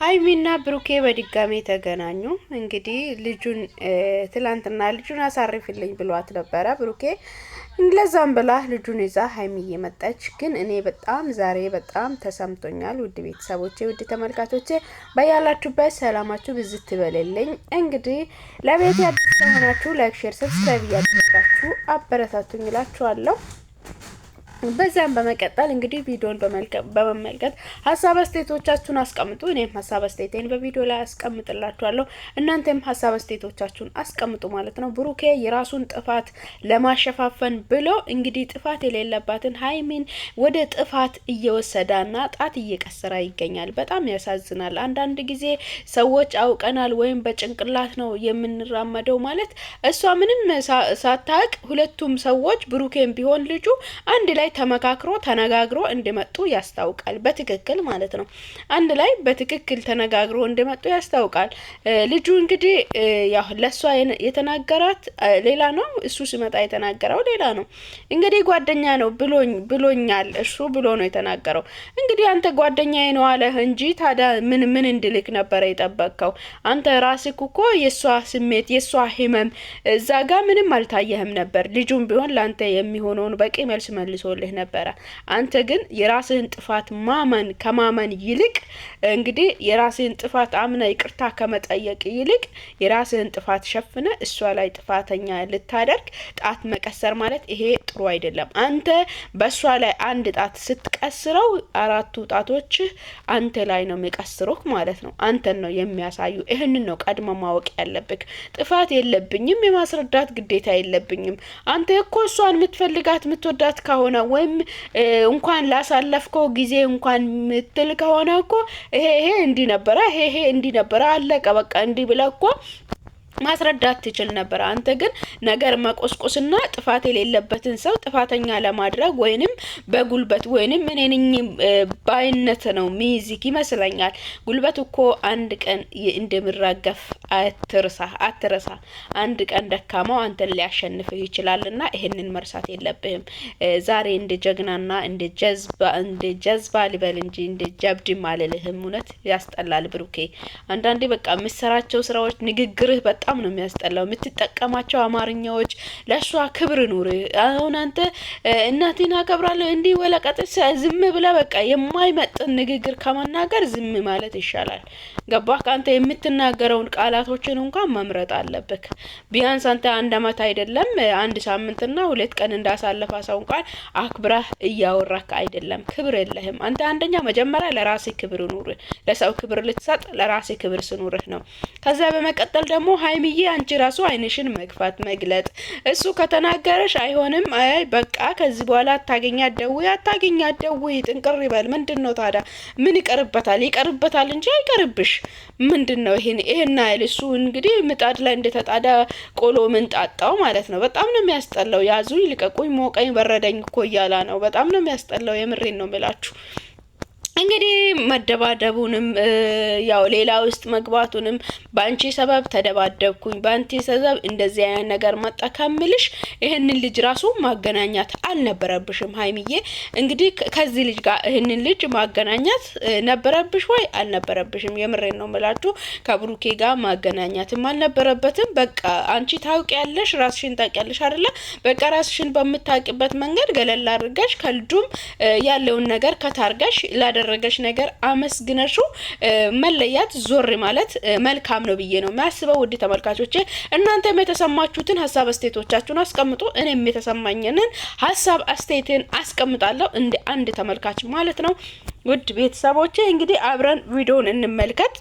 ሀይሚና ብሩኬ በድጋሚ ተገናኙ። እንግዲህ ልጁን ትላንትና ልጁን አሳርፍልኝ ብሏት ነበረ ብሩኬ። ለዛም ብላ ልጁን ይዛ ሀይሚ እየመጣች ግን እኔ በጣም ዛሬ በጣም ተሰምቶኛል። ውድ ቤተሰቦቼ፣ ውድ ተመልካቾቼ በያላችሁበት ሰላማችሁ ብዝት በሌለኝ። እንግዲህ ለቤት ያዲስ ከሆናችሁ ላይክ፣ ሼር፣ ሰብስክራይብ እያደረጋችሁ አበረታቱኝ እላችኋለሁ። በዚያም በመቀጠል እንግዲህ ቪዲዮን በመመልከት ሀሳብ አስተያየቶቻችሁን አስቀምጡ። እኔም ሀሳብ አስተያየቴን በቪዲዮ ላይ አስቀምጥላችኋለሁ። እናንተም ሀሳብ አስተያየቶቻችሁን አስቀምጡ ማለት ነው። ብሩኬ የራሱን ጥፋት ለማሸፋፈን ብሎ እንግዲህ ጥፋት የሌለባትን ሀይሚን ወደ ጥፋት እየወሰዳና ጣት እየቀሰራ ይገኛል። በጣም ያሳዝናል። አንዳንድ ጊዜ ሰዎች አውቀናል ወይም በጭንቅላት ነው የምንራመደው ማለት እሷ ምንም ሳታቅ ሁለቱም ሰዎች ብሩኬን ቢሆን ልጁ አንድ ላይ ተመካክሮ ተነጋግሮ እንደመጡ ያስታውቃል። በትክክል ማለት ነው። አንድ ላይ በትክክል ተነጋግሮ እንደመጡ ያስታውቃል። ልጁ እንግዲህ ያው ለእሷ የተናገራት ሌላ ነው፣ እሱ ሲመጣ የተናገረው ሌላ ነው። እንግዲህ ጓደኛ ነው ብሎኛል፣ እሱ ብሎ ነው የተናገረው። እንግዲህ አንተ ጓደኛዬ ነው አለህ እንጂ ታዲያ ምን ምን እንድልክ ነበረ የጠበቅከው? አንተ ራስህ እኮ የእሷ ስሜት የእሷ ህመም እዛ ጋር ምንም አልታየህም ነበር። ልጁም ቢሆን ለአንተ የሚሆነውን በቂ መልስ መልሶ ገብቶልህ ነበረ። አንተ ግን የራስህን ጥፋት ማመን ከማመን ይልቅ እንግዲህ የራስህን ጥፋት አምነ ይቅርታ ከመጠየቅ ይልቅ የራስህን ጥፋት ሸፍነ እሷ ላይ ጥፋተኛ ልታደርግ ጣት መቀሰር ማለት ይሄ ጥሩ አይደለም። አንተ በእሷ ላይ አንድ ጣት ስትቀስረው አራቱ ጣቶችህ አንተ ላይ ነው የሚቀስሩህ ማለት ነው። አንተን ነው የሚያሳዩ። ይህንን ነው ቀድመ ማወቅ ያለብህ። ጥፋት የለብኝም የማስረዳት ግዴታ የለብኝም። አንተ እኮ እሷን የምትፈልጋት የምትወዳት ከሆነ ወይም እንኳን ላሳለፍከው ጊዜ እንኳን ምትል ከሆነ እኮ ይሄ ይሄ እንዲህ ነበረ፣ ይሄ ይሄ እንዲህ ነበረ፣ አለቀ በቃ እንዲህ ብለህ እኮ ማስረዳት ትችል ነበር። አንተ ግን ነገር መቆስቆስና ጥፋት የሌለበትን ሰው ጥፋተኛ ለማድረግ ወይንም በጉልበት ወይንም እኔ ባይነት ነው ሚዚክ ይመስለኛል። ጉልበት እኮ አንድ ቀን እንደሚራገፍ አትርሳ አትረሳ። አንድ ቀን ደካማው አንተን ሊያሸንፍህ ይችላልና ይህንን መርሳት የለብህም። ዛሬ እንደ ጀግናና እንደ ጀዝባ እንደ ጀዝባ ልበል እንጂ እንደ ጀብድም አልልህም። እውነት ያስጠላል ብሩኬ። አንዳንዴ በቃ የምትሰራቸው ስራዎች፣ ንግግርህ በጣም ነው የሚያስጠላው። የምትጠቀማቸው አማርኛዎች ለእሷ ክብር ኑር። አሁን አንተ እናቴን አከብራለሁ እንዲህ ወለቀጥ ዝም ብለ በቃ የማይመጥን ንግግር ከመናገር ዝም ማለት ይሻላል። ገባህ? ከአንተ የምትናገረውን ቃል ቃላቶችን እንኳን መምረጥ አለብክ። ቢያንስ አንተ አንድ አመት አይደለም አንድ ሳምንትና ሁለት ቀን እንዳሳለፈ ሰው እንኳን አክብረህ እያወራክ አይደለም። ክብር የለህም አንተ። አንደኛ መጀመሪያ ለራሴ ክብር ኑርህ። ለሰው ክብር ልትሰጥ ለራሴ ክብር ስኑርህ ነው። ከዚያ በመቀጠል ደግሞ ሀይሚዬ አንቺ ራሱ አይንሽን መግፋት መግለጥ፣ እሱ ከተናገረሽ አይሆንም አይ በቃ ከዚህ በኋላ አታገኛ ደውይ፣ አታገኛ ደውይ፣ ጥንቅር ይበል። ምንድን ነው ታዲያ ምን ይቀርበታል? ይቀርበታል እንጂ አይቀርብሽ ምንድን ነው ይህን ይሄን እሱ እንግዲህ ምጣድ ላይ እንደተጣደ ቆሎ ምንጣጣው ማለት ነው። በጣም ነው የሚያስጠላው። ያዙኝ፣ ልቀቁኝ፣ ሞቀኝ፣ በረደኝ እኮ እያላ ነው። በጣም ነው የሚያስጠላው። የምሬን ነው የምላችሁ። እንግዲህ መደባደቡንም ያው ሌላ ውስጥ መግባቱንም በአንቺ ሰበብ ተደባደብኩኝ፣ በአንቺ ሰበብ እንደዚህ አይነት ነገር መጣ ከምልሽ ይህንን ልጅ ራሱ ማገናኛት አልነበረብሽም ሀይሚዬ። እንግዲህ ከዚህ ልጅ ጋር ይህንን ልጅ ማገናኛት ነበረብሽ ወይ አልነበረብሽም? የምሬን ነው ምላችሁ። ከብሩኬ ጋር ማገናኛትም አልነበረበትም። በቃ አንቺ ታውቂያለሽ፣ ራስሽን ታውቂያለሽ አይደለ? በቃ ራስሽን በምታውቂበት መንገድ ገለል አድርገሽ ከልጁም ያለውን ነገር ከታርጋሽ ላደ ላደረገች ነገር አመስግነሹ መለያት ዞር ማለት መልካም ነው ብዬ ነው የሚያስበው። ውድ ተመልካቾቼ እናንተም የተሰማችሁትን ሀሳብ አስተያየቶቻችሁን አስቀምጡ። እኔም የተሰማኝንን ሀሳብ አስተያየትን አስቀምጣለሁ እንደ አንድ ተመልካች ማለት ነው። ውድ ቤተሰቦቼ እንግዲህ አብረን ቪዲዮን እንመልከት።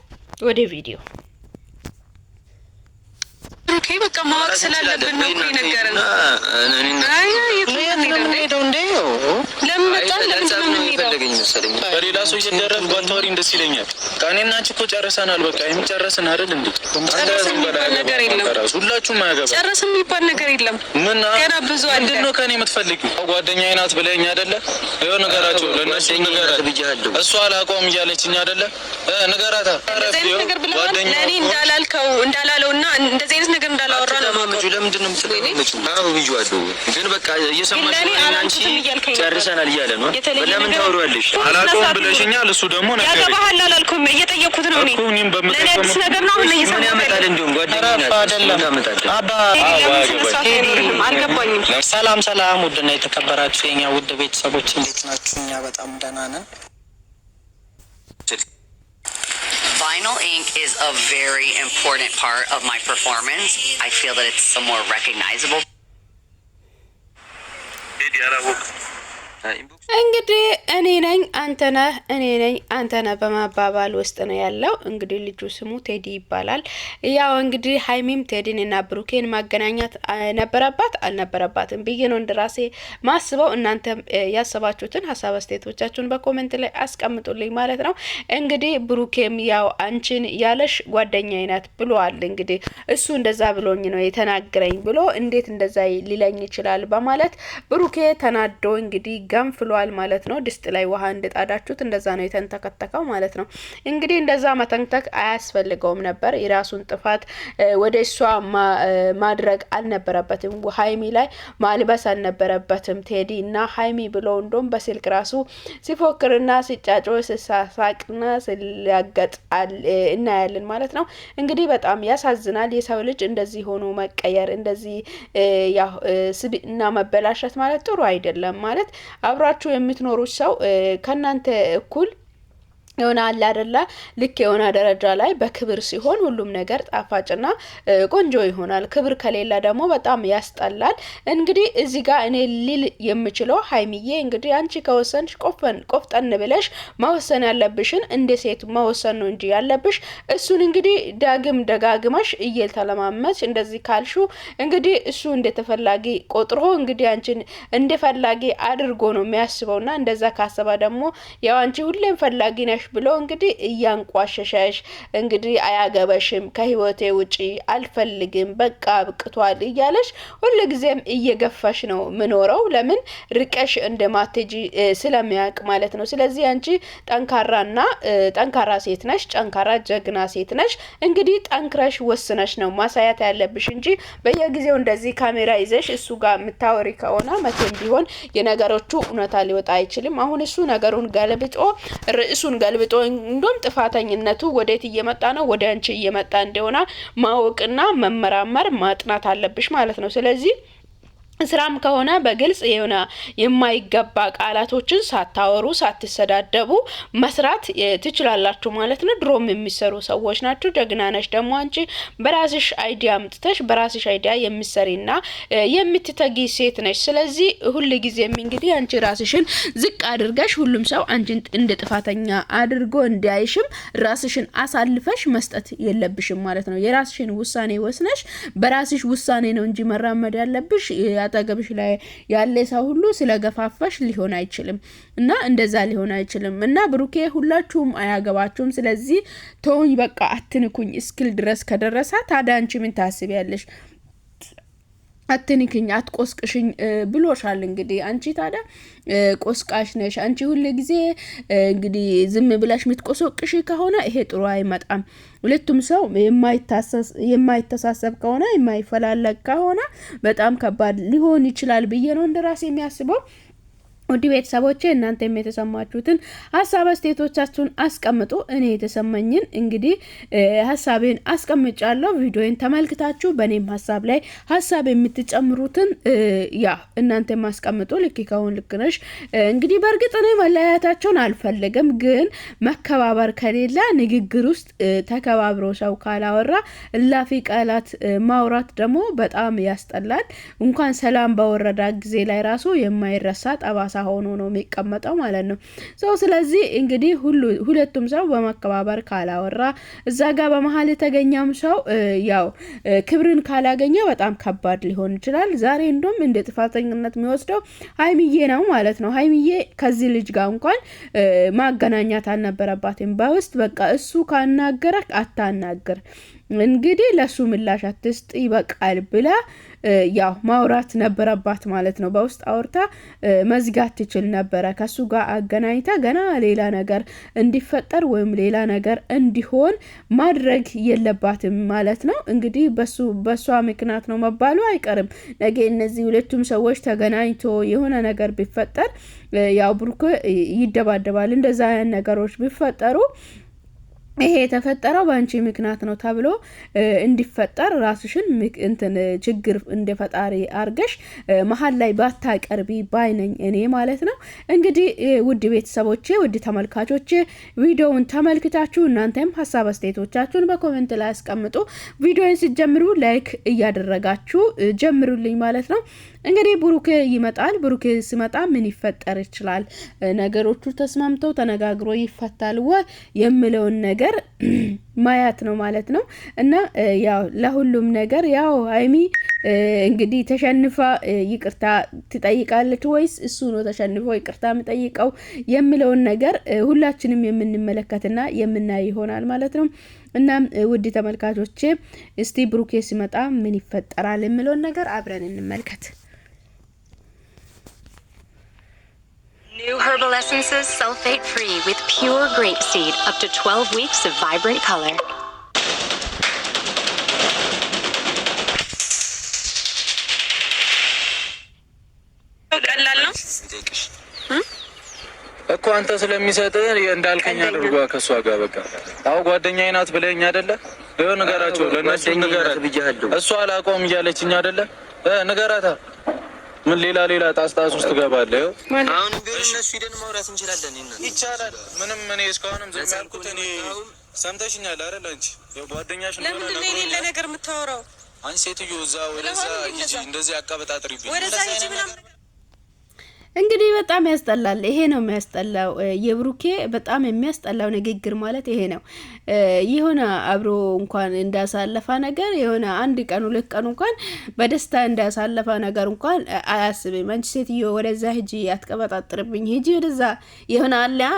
ወደ ቪዲዮ ኦኬ፣ በቃ ማወቅ ስላለብን ነው የነገረን። ለምን መጣ? ለምንድን ነው መሰለኝ። በሌላ ሰው እየደረፍ ባታወሪ ደስ ይለኛል። እኔ አንቺ እኮ ጨርሰናል። በቃ የሚጨረስን አይደል እንዴ? ሁላችሁም አያገባም። ጨረስ የሚባል ነገር የለም። ምን ገና ብዙ አለ። ምንድን ነው ከእኔ የምትፈልጊው? ጓደኛዬ ናት ብለኸኝ አይደለ? ይኸው ንገራቸው፣ ለእነሱ ንገራት። እሷ አላውቀውም እያለችኝ አይደለ? ንገራታ። ለእኔ እንዳላልከው እንዳላለው እና እንደዚህ አይነት ነገር እንዳላወራ ነው ለምንድን ነው የምትለው? ግን በቃ እየሰማሽ ጨርሰናል እያለ ነው። ለምን ታወሪዋለሽ? አላውቀውም ብለሽኛል። እሱ ደግሞ ያገባሃል አላልኩም፣ እየጠየኩት ነው። አልገባኝም። ሰላም ሰላም፣ ውድና የተከበራችሁ የኛ ውድ ቤተሰቦች እንዴት ናችሁ? እኛ በጣም ደህና ነን። Vinyl ink is a very important part of my performance. I feel that it's a more recognizable. እንግዲህ እኔ ነኝ አንተ ነህ እኔ ነኝ አንተ ነህ በማባባል ውስጥ ነው ያለው። እንግዲህ ልጁ ስሙ ቴዲ ይባላል። ያው እንግዲህ ሀይሚም ቴዲን እና ብሩኬን ማገናኛት ነበረባት አልነበረባትም ብዬ ነው እንደራሴ ማስበው። እናንተም ያሰባችሁትን ሀሳብ አስተያየቶቻችሁን በኮመንት ላይ አስቀምጡልኝ ማለት ነው። እንግዲህ ብሩኬም ያው አንቺን ያለሽ ጓደኛዬ ናት ብሏል። እንግዲህ እሱ እንደዛ ብሎኝ ነው የተናገረኝ ብሎ እንዴት እንደዛ ሊለኝ ይችላል በማለት ብሩኬ ተናዶ እንግዲህ ገንፍሏል ማለት ነው። ድስት ላይ ውሃ እንደጣዳችሁት እንደዛ ነው የተንተከተከው ማለት ነው። እንግዲህ እንደዛ መተንተክ አያስፈልገውም ነበር። የራሱን ጥፋት ወደ እሷ ማድረግ አልነበረበትም። ሀይሚ ላይ ማልበስ አልነበረበትም። ቴዲ እና ሀይሚ ብሎ እንዶም በስልክ ራሱ ሲፎክርና ሲጫጮ ሲሳሳቅና ሲላገጥ እናያለን ማለት ነው። እንግዲህ በጣም ያሳዝናል። የሰው ልጅ እንደዚህ ሆኖ መቀየር እንደዚህ ስድና መበላሸት ማለት ጥሩ አይደለም ማለት አብራችሁ የምትኖሩት ሰው ከእናንተ እኩል የሆነ አለ አደለ ልክ የሆነ ደረጃ ላይ በክብር ሲሆን ሁሉም ነገር ጣፋጭና ቆንጆ ይሆናል። ክብር ከሌለ ደግሞ በጣም ያስጠላል። እንግዲህ እዚህ ጋር እኔ ሊል የምችለው ሀይሚዬ እንግዲህ አንቺ ከወሰንሽ ቆፍጠን ብለሽ መወሰን ያለብሽን እንደ ሴት መወሰን ነው እንጂ ያለብሽ እሱን እንግዲህ ዳግም ደጋግመሽ እየተለማመች እንደዚህ ካልሹ እንግዲህ እሱ እንደተፈላጊ ቆጥሮ እንግዲህ አንቺን እንደፈላጊ አድርጎ ነው የሚያስበውና እንደዛ ካሰባ ደግሞ ያው አንቺ ሁሌም ፈላጊ ነሽ ብሎ እንግዲህ እያንቋሸሸሽ እንግዲህ አያገበሽም፣ ከህይወቴ ውጪ አልፈልግም፣ በቃ ብቅቷል እያለሽ ሁልጊዜም እየገፋሽ ነው ምኖረው። ለምን ርቀሽ እንደማትሄጂ ስለሚያውቅ ማለት ነው። ስለዚህ አንቺ ጠንካራና ጠንካራ ሴት ነሽ፣ ጠንካራ ጀግና ሴት ነሽ። እንግዲህ ጠንክረሽ ወስነሽ ነው ማሳያት ያለብሽ እንጂ በየጊዜው እንደዚህ ካሜራ ይዘሽ እሱ ጋር የምታወሪ ከሆነ መቼም ቢሆን የነገሮቹ እውነታ ሊወጣ አይችልም። አሁን እሱ ነገሩን ገልብጦ ርዕሱን ገ ገልብጦ እንዶም ጥፋተኝነቱ ወዴት እየመጣ ነው? ወደ አንቺ እየመጣ እንደሆነ ማወቅና መመራመር ማጥናት አለብሽ ማለት ነው። ስለዚህ ስራም ከሆነ በግልጽ የሆነ የማይገባ ቃላቶችን ሳታወሩ ሳትሰዳደቡ መስራት ትችላላችሁ ማለት ነው። ድሮም የሚሰሩ ሰዎች ናችሁ። ደግናነሽ ደግሞ አንቺ በራስሽ አይዲያ አምጥተሽ በራስሽ አይዲያ የምትሰሪና የምትተጊ ሴት ነች። ስለዚህ ሁል ጊዜም እንግዲህ አንቺ ራስሽን ዝቅ አድርገሽ ሁሉም ሰው አንቺን እንደ ጥፋተኛ አድርጎ እንዲያይሽም ራስሽን አሳልፈሽ መስጠት የለብሽም ማለት ነው። የራስሽን ውሳኔ ወስነሽ በራስሽ ውሳኔ ነው እንጂ መራመድ ያለብሽ አጠገብሽ ላይ ያለ ሰው ሁሉ ስለገፋፋሽ ሊሆን አይችልም እና እንደዛ ሊሆን አይችልም እና ብሩኬ ሁላችሁም አያገባችሁም። ስለዚህ ተውኝ በቃ አትንኩኝ እስክል ድረስ ከደረሳ ታዲያ አንቺ ምን ታስቢያለሽ? አትንክኝ አትቆስቅሽኝ ብሎሻል። እንግዲህ አንቺ ታዲያ ቆስቃሽ ነሽ። አንቺ ሁል ጊዜ እንግዲህ ዝም ብላሽ የምትቆሰቅሽ ከሆነ ይሄ ጥሩ አይመጣም። ሁለቱም ሰው የማይተሳሰብ ከሆነ የማይፈላለግ ከሆነ በጣም ከባድ ሊሆን ይችላል ብዬ ነው እንደራሴ የሚያስበው። ውድ ቤተሰቦቼ እናንተም የተሰማችሁትን ሀሳብ አስተያየቶቻችሁን አስቀምጡ። እኔ የተሰማኝን እንግዲህ ሀሳቤን አስቀምጫለሁ። ቪዲዮን ተመልክታችሁ በእኔም ሀሳብ ላይ ሀሳብ የምትጨምሩትን ያ እናንተ ማስቀምጡ። ልክ ከሆን ልክ ነሽ። እንግዲህ በእርግጥ እኔ መለያየታቸውን አልፈለገም፣ ግን መከባበር ከሌላ ንግግር ውስጥ ተከባብሮ ሰው ካላወራ እላፊ ቃላት ማውራት ደግሞ በጣም ያስጠላል። እንኳን ሰላም በወረዳ ጊዜ ላይ ራሱ የማይረሳ ጠባሳ ሆኖ ነው የሚቀመጠው ማለት ነው ሰው። ስለዚህ እንግዲህ ሁሉ ሁለቱም ሰው በመከባበር ካላወራ እዛ ጋር በመሀል የተገኘም ሰው ያው ክብርን ካላገኘ በጣም ከባድ ሊሆን ይችላል። ዛሬ እንደም እንደ ጥፋተኝነት የሚወስደው ሀይሚዬ ነው ማለት ነው። ሀይሚዬ ከዚህ ልጅ ጋር እንኳን ማገናኛት አልነበረባትም። በውስጥ በቃ እሱ ካናገረ አታናግር እንግዲህ ለሱ ምላሽ አትስጥ ይበቃል ብላ ያው ማውራት ነበረባት ማለት ነው። በውስጥ አውርታ መዝጋት ትችል ነበረ። ከሱ ጋር አገናኝታ ገና ሌላ ነገር እንዲፈጠር ወይም ሌላ ነገር እንዲሆን ማድረግ የለባትም ማለት ነው። እንግዲህ በሱ በሷ ምክንያት ነው መባሉ አይቀርም። ነገ እነዚህ ሁለቱም ሰዎች ተገናኝቶ የሆነ ነገር ቢፈጠር ያው ብሩክ ይደባደባል። እንደዛ ነገሮች ቢፈጠሩ ይሄ የተፈጠረው በአንቺ ምክንያት ነው ተብሎ እንዲፈጠር ራስሽን እንትን ችግር እንደ ፈጣሪ አርገሽ መሀል ላይ ባታቀርቢ ባይነኝ እኔ ማለት ነው። እንግዲህ ውድ ቤተሰቦቼ፣ ውድ ተመልካቾቼ ቪዲዮውን ተመልክታችሁ እናንተም ሀሳብ አስተያየቶቻችሁን በኮሜንት ላይ አስቀምጡ። ቪዲዮን ሲጀምሩ ላይክ እያደረጋችሁ ጀምሩልኝ ማለት ነው። እንግዲህ ብሩኬ ይመጣል። ብሩኬ ሲመጣ ምን ይፈጠር ይችላል? ነገሮቹ ተስማምተው ተነጋግሮ ይፈታል ወይ የሚለውን ነገር ነገር ማያት ነው ማለት ነው። እና ያው ለሁሉም ነገር ያው ሀይሚ እንግዲህ ተሸንፋ ይቅርታ ትጠይቃለች ወይስ እሱ ነው ተሸንፎ ይቅርታ የምጠይቀው የሚለውን ነገር ሁላችንም የምንመለከትና የምናይ ይሆናል ማለት ነው። እናም ውድ ተመልካቾቼ እስቲ ብሩኬ ሲመጣ ምን ይፈጠራል የሚለውን ነገር አብረን እንመልከት። New Herbal Essences sulfate free with pure grape seed, up to 12 weeks of vibrant color. እኮ አንተ ስለሚሰጥህ እንዳልከኝ አድርጓ። ከእሷ ጋር በቃ አሁ ጓደኛዬ ናት ብለኸኝ አይደለ? ይኸው ንገራቸው፣ ለእነሱ ንገራት። እሷ አላውቀውም እያለችኝ አይደለ? ንገራታ ምን ሌላ ሌላ ጣስጣስ ውስጥ ገባለሁ። አሁን ግን እነሱ ሂደን ማውራት እንችላለን፣ ይቻላል። ምንም እኔ እስካሁንም ዝም ያልኩት እኔ ሰምተሽኛል አይደል? አንቺ ጓደኛሽ ለምንድን ነው የሌለ ነገር የምታወራው? አንቺ ሴትዮ እዛ ወደዛ ሂጂ፣ እንደዚህ አቀበጣጥሪብኝ ወደዛ ሂጂ ምናምን እንግዲህ በጣም ያስጠላል። ይሄ ነው የሚያስጠላው የብሩኬ በጣም የሚያስጠላው ንግግር ማለት ይሄ ነው። የሆነ አብሮ እንኳን እንዳሳለፋ ነገር የሆነ አንድ ቀን ሁለት ቀን እንኳን በደስታ እንዳሳለፋ ነገር እንኳን አያስብም። አንቺ ሴትዮ ወደዛ ሂጂ፣ አትቀበጣጥርብኝ፣ ሂጂ ወደዛ የሆነ አለያ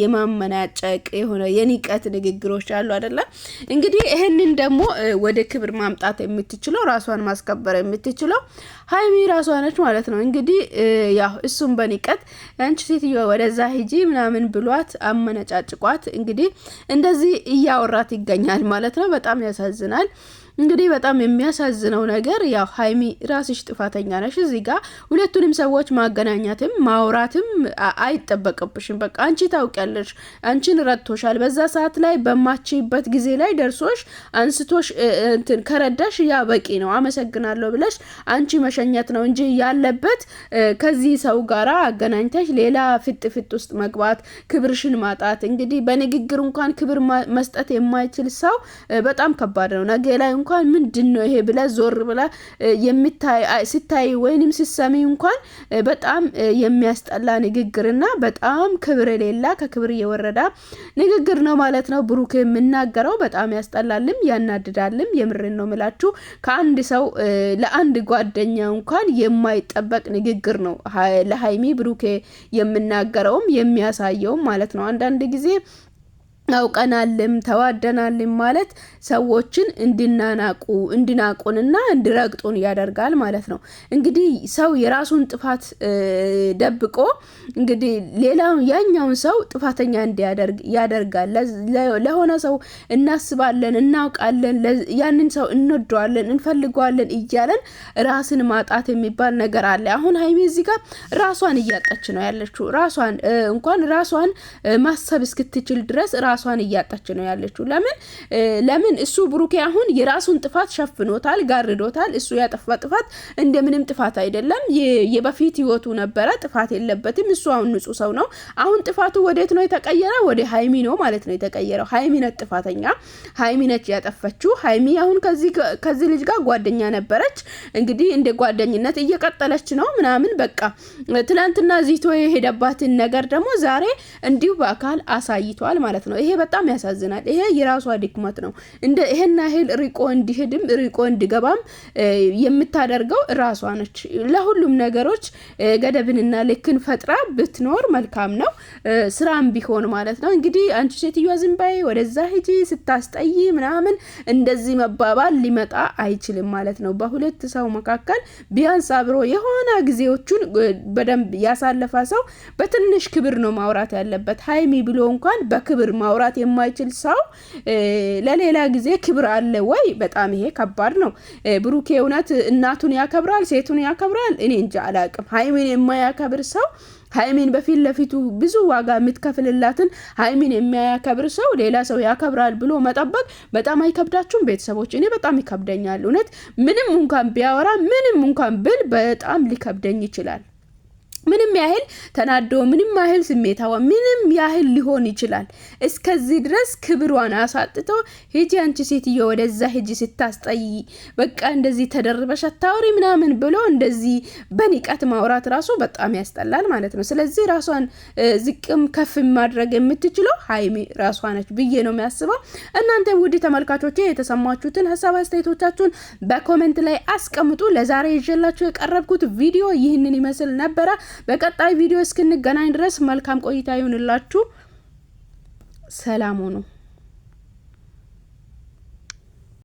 የማመናጨቅ የሆነ የንቀት ንግግሮች አሉ አደለ? እንግዲህ ይህንን ደግሞ ወደ ክብር ማምጣት የምትችለው ራሷን ማስከበር የምትችለው ሀይሚ ራሷ ነች ማለት ነው። እንግዲህ ያው እሱም በንቀት አንቺ ሴትዮ ወደዛ ሂጂ ምናምን ብሏት አመነጫጭቋት እንግዲህ እንደዚህ እያወራት ይገኛል ማለት ነው። በጣም ያሳዝናል። እንግዲህ በጣም የሚያሳዝነው ነገር ያው ሀይሚ ራስሽ ጥፋተኛ ነሽ። እዚህ ጋር ሁለቱንም ሰዎች ማገናኛትም ማውራትም አይጠበቅብሽም። በቃ አንቺ ታውቂያለሽ፣ አንቺን ረድቶሻል። በዛ ሰዓት ላይ በማችበት ጊዜ ላይ ደርሶሽ አንስቶሽ እንትን ከረዳሽ ያ በቂ ነው። አመሰግናለሁ ብለሽ አንቺ መሸኘት ነው እንጂ ያለበት ከዚህ ሰው ጋር አገናኝተሽ ሌላ ፍጥ ፍጥ ውስጥ መግባት፣ ክብርሽን ማጣት። እንግዲህ በንግግር እንኳን ክብር መስጠት የማይችል ሰው በጣም ከባድ ነው ነገ ላይ እንኳን ምንድን ነው ይሄ ብለ ዞር ብለ ስታይ ወይንም ስሰሚ እንኳን በጣም የሚያስጠላ ንግግርና በጣም ክብር የሌላ ከክብር እየወረዳ ንግግር ነው ማለት ነው ብሩክ የምናገረው። በጣም ያስጠላልም ያናድዳልም። የምርን ነው ምላችሁ ከአንድ ሰው ለአንድ ጓደኛ እንኳን የማይጠበቅ ንግግር ነው ለሀይሚ ብሩክ የምናገረውም የሚያሳየውም ማለት ነው አንዳንድ ጊዜ አውቀናልም ተዋደናልም ማለት ሰዎችን እንድናናቁ እንድናቁንና እንድረግጡን ያደርጋል ማለት ነው። እንግዲህ ሰው የራሱን ጥፋት ደብቆ እንግዲህ ሌላውን ያኛውን ሰው ጥፋተኛ እንዲያደርግ ያደርጋል። ለሆነ ሰው እናስባለን፣ እናውቃለን፣ ያንን ሰው እንወደዋለን፣ እንፈልገዋለን እያለን ራስን ማጣት የሚባል ነገር አለ። አሁን ሀይሚ እዚህ ጋር ራሷን እያጣች ነው ያለችው። ራሷን እንኳን ራሷን ማሰብ እስክትችል ድረስ ራሷን እያጣች ነው ያለችው። ለምን ለምን እሱ ብሩኬ አሁን የራሱን ጥፋት ሸፍኖታል፣ ጋርዶታል። እሱ ያጠፋ ጥፋት እንደምንም ጥፋት አይደለም፣ የበፊት ህይወቱ ነበረ፣ ጥፋት የለበትም። እሱ አሁን ንጹህ ሰው ነው። አሁን ጥፋቱ ወዴት ነው የተቀየረ? ወደ ሀይሚ ነው ማለት ነው የተቀየረው። ሀይሚ ነች ጥፋተኛ፣ ሀይሚ ነች ያጠፈችው። ሀይሚ አሁን ከዚህ ልጅ ጋር ጓደኛ ነበረች፣ እንግዲህ እንደ ጓደኝነት እየቀጠለች ነው ምናምን። በቃ ትናንትና ዚቶ የሄደባትን ነገር ደግሞ ዛሬ እንዲሁ በአካል አሳይቷል ማለት ነው። ይሄ በጣም ያሳዝናል። ይሄ የራሷ ድክመት ነው። እንደ ይሄን ያህል ርቆ እንዲሄድም ርቆ እንዲገባም የምታደርገው ራሷ ነች። ለሁሉም ነገሮች ገደብንና ልክን ፈጥራ ብትኖር መልካም ነው። ስራም ቢሆን ማለት ነው። እንግዲህ አንቺ ሴትዮዋ ዝም በይ፣ ወደዛ ሂጂ ስታስጠይ ምናምን እንደዚህ መባባል ሊመጣ አይችልም ማለት ነው። በሁለት ሰው መካከል ቢያንስ አብሮ የሆነ ጊዜዎቹን በደንብ ያሳለፈ ሰው በትንሽ ክብር ነው ማውራት ያለበት። ሀይሚ ብሎ እንኳን በክብር ማውራት ማውራት የማይችል ሰው ለሌላ ጊዜ ክብር አለ ወይ? በጣም ይሄ ከባድ ነው። ብሩኬ እውነት እናቱን ያከብራል፣ ሴቱን ያከብራል። እኔ እንጂ አላቅም። ሀይሚን የማያከብር ሰው ሀይሚን በፊት ለፊቱ ብዙ ዋጋ የምትከፍልላትን ሀይሚን የሚያከብር ሰው ሌላ ሰው ያከብራል ብሎ መጠበቅ በጣም አይከብዳችሁም? ቤተሰቦች እኔ በጣም ይከብደኛል። እውነት ምንም እንኳን ቢያወራ ምንም እንኳን ብል በጣም ሊከብደኝ ይችላል። ምንም ያህል ተናዶ ምንም ያህል ስሜታዋ ምንም ያህል ሊሆን ይችላል። እስከዚህ ድረስ ክብሯን አሳጥቶ ሂጂ አንቺ ሴትዮ ወደዛ ሂጂ ስታስጠይ በቃ እንደዚህ ተደርበሽ አታወሪ ምናምን ብሎ እንደዚህ በንቀት ማውራት ራሱ በጣም ያስጠላል ማለት ነው። ስለዚህ ራሷን ዝቅም ከፍ ማድረግ የምትችለው ሀይሚ ራሷ ነች ብዬ ነው የሚያስበው። እናንተ ውድ ተመልካቾች የተሰማችሁትን ሀሳብ አስተያየቶቻችሁን በኮሜንት ላይ አስቀምጡ። ለዛሬ ይዤላችሁ የቀረብኩት ቪዲዮ ይህንን ይመስል ነበረ። በቀጣይ ቪዲዮ እስክንገናኝ ድረስ መልካም ቆይታ ይሁንላችሁ። ሰላም ሁኑ።